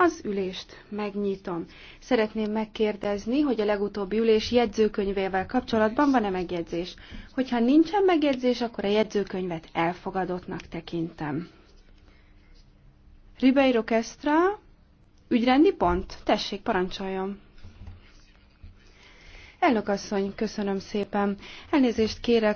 Az ülést megnyitom. Szeretném megkérdezni, hogy a legutóbbi ülés jegyzőkönyvével kapcsolatban van-e megjegyzés. Hogyha nincsen megjegyzés, akkor a jegyzőkönyvet elfogadottnak tekintem. Ribeiro Kestra, ügyrendi pont. Tessék, parancsoljon. Elnök asszony, köszönöm szépen. Elnézést kérek